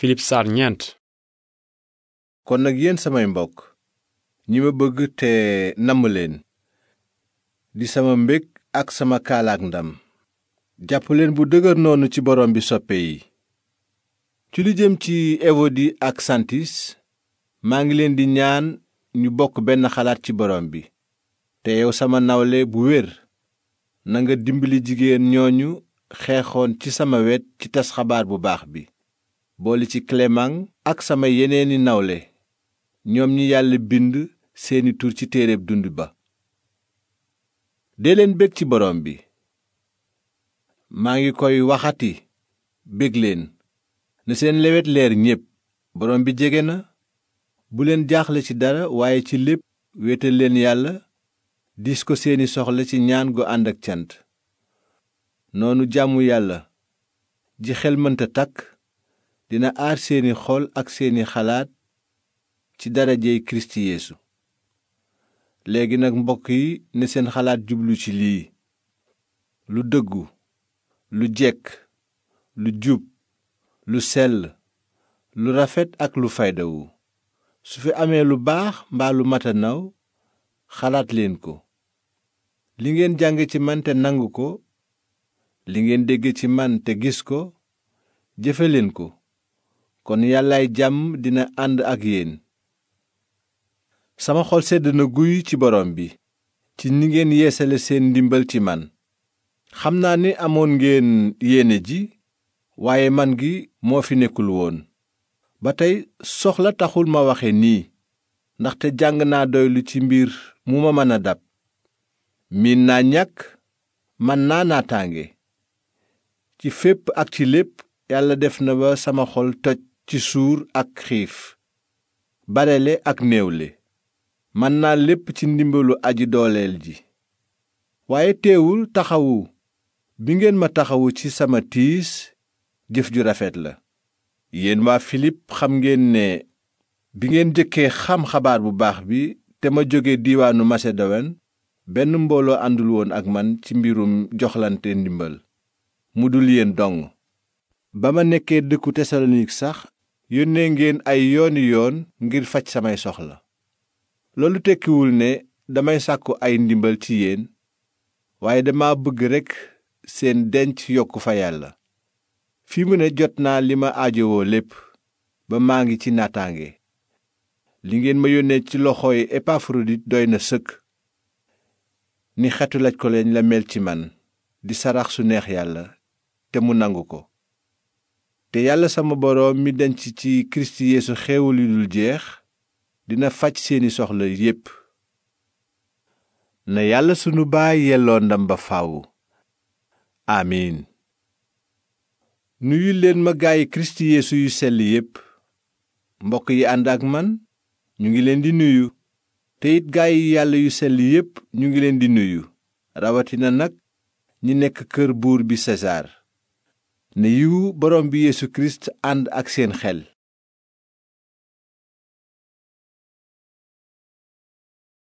Filip saar kon nag yéen samay mbokk ñi ma bëgg te namm leen di sama mbég ak sama kaalaak ndam jàpp leen bu dëgër noonu ci borom bi soppe yi ci lu jëm ci ewodi ak santis maa ngi leen di ñaan ñu bokk benn xalaat ci borom bi te yow sama nawle bu wér nanga dimbali jigéen ñooñu xeexoon ci sama wet ci tas xabaar bu baax bi boole ci clémaŋ ak sama yeneeni nawle ñoom ñi yàlla bind seeni tur ci téere dund ba dee leen bég ci borom bi maa ngi koy waxati bég leen na seen lewet leer ñépp borom bi jege na bu leen jaaxle ci dara waaye ci lépp wéetal leen yàlla diis ko seeni soxla ci ñaan gu ànd ak cant noonu jàmmu yàlla ji xel mënta takk dina aar seeni xol ak seeni xalaat ci darajey kirist yeesu léegi nag mbokk yi ne seen xalaat jublu ci lii lu dëggu lu jekk lu jub lu sell lu rafet ak lu faydawu su fi amee lu baax mbaa lu mat a naw xalaat leen ko li ngeen jàng ci man te nangu ko li ngeen dégge ci man te gis ko jëfe leen ko kon yàllaay jàmm dina ànd ak yéen sama xol sedd na guy ci borom bi ci ningeen ngeen yeesale seen ndimbal ci man xam naa ni amoon ngeen yéene ji waaye man gi moo fi nekkul woon ba tey soxla taxul ma waxe nii ndaxte jàng naa doylu ci mbir mu ma mën a dab miin naa ñàkk man naa naataange ci fépp ak ci lépp yàlla def na ba sama xol toj ci suur ak xiif barele ak néewle man naa lépp ci ndimbalu aji dooleel ji waaye teewul taxawu bi ngeen ma taxawu ci sama tiis jëf ju rafet la yéen waa Filip xam ngeen ne bi ngeen jëkkee xam xabaar bu baax bi te ma jóge diiwaanu Masedowen benn mbooloo àndul woon ak man ci mbirum joxlante ndimbal mu dul yéen dong ba ma nekkee dëkku Tesalonik sax yónnee ngeen ay yooni yoon ngir faj samay soxla loolu tekkiwul ne damay sàkku ay ndimbal ci yéen waaye dama bëgg rekk seen denc yokk fa yàlla fi mu ne jot naa li ma aajowoo lépp ba maa ngi ci naataange li ngeen ma yónnee ci loxooy Epafrodit doy na sëkk ni xetu laj ko leen la mel ci man di sarax su neex yàlla te mu nangu ko te yàlla sama boroom mi denc ci kirist yeesu xéewal yu dul jeex dina faj seeni soxla yépp na yàlla sunu baay yelloo ndam ba fàww amiin nuyu leen ma gaayi kirist yeesu yu sell yépp mbokk yi ànd ak man ñu ngi leen di nuyu te it yi yàlla yu sell yépp ñu ngi leen di nuyu rawatina nag ñi nekk kër buur bi sesaar ne yiwu borom bi Yeesu Kirist ànd ak seen xel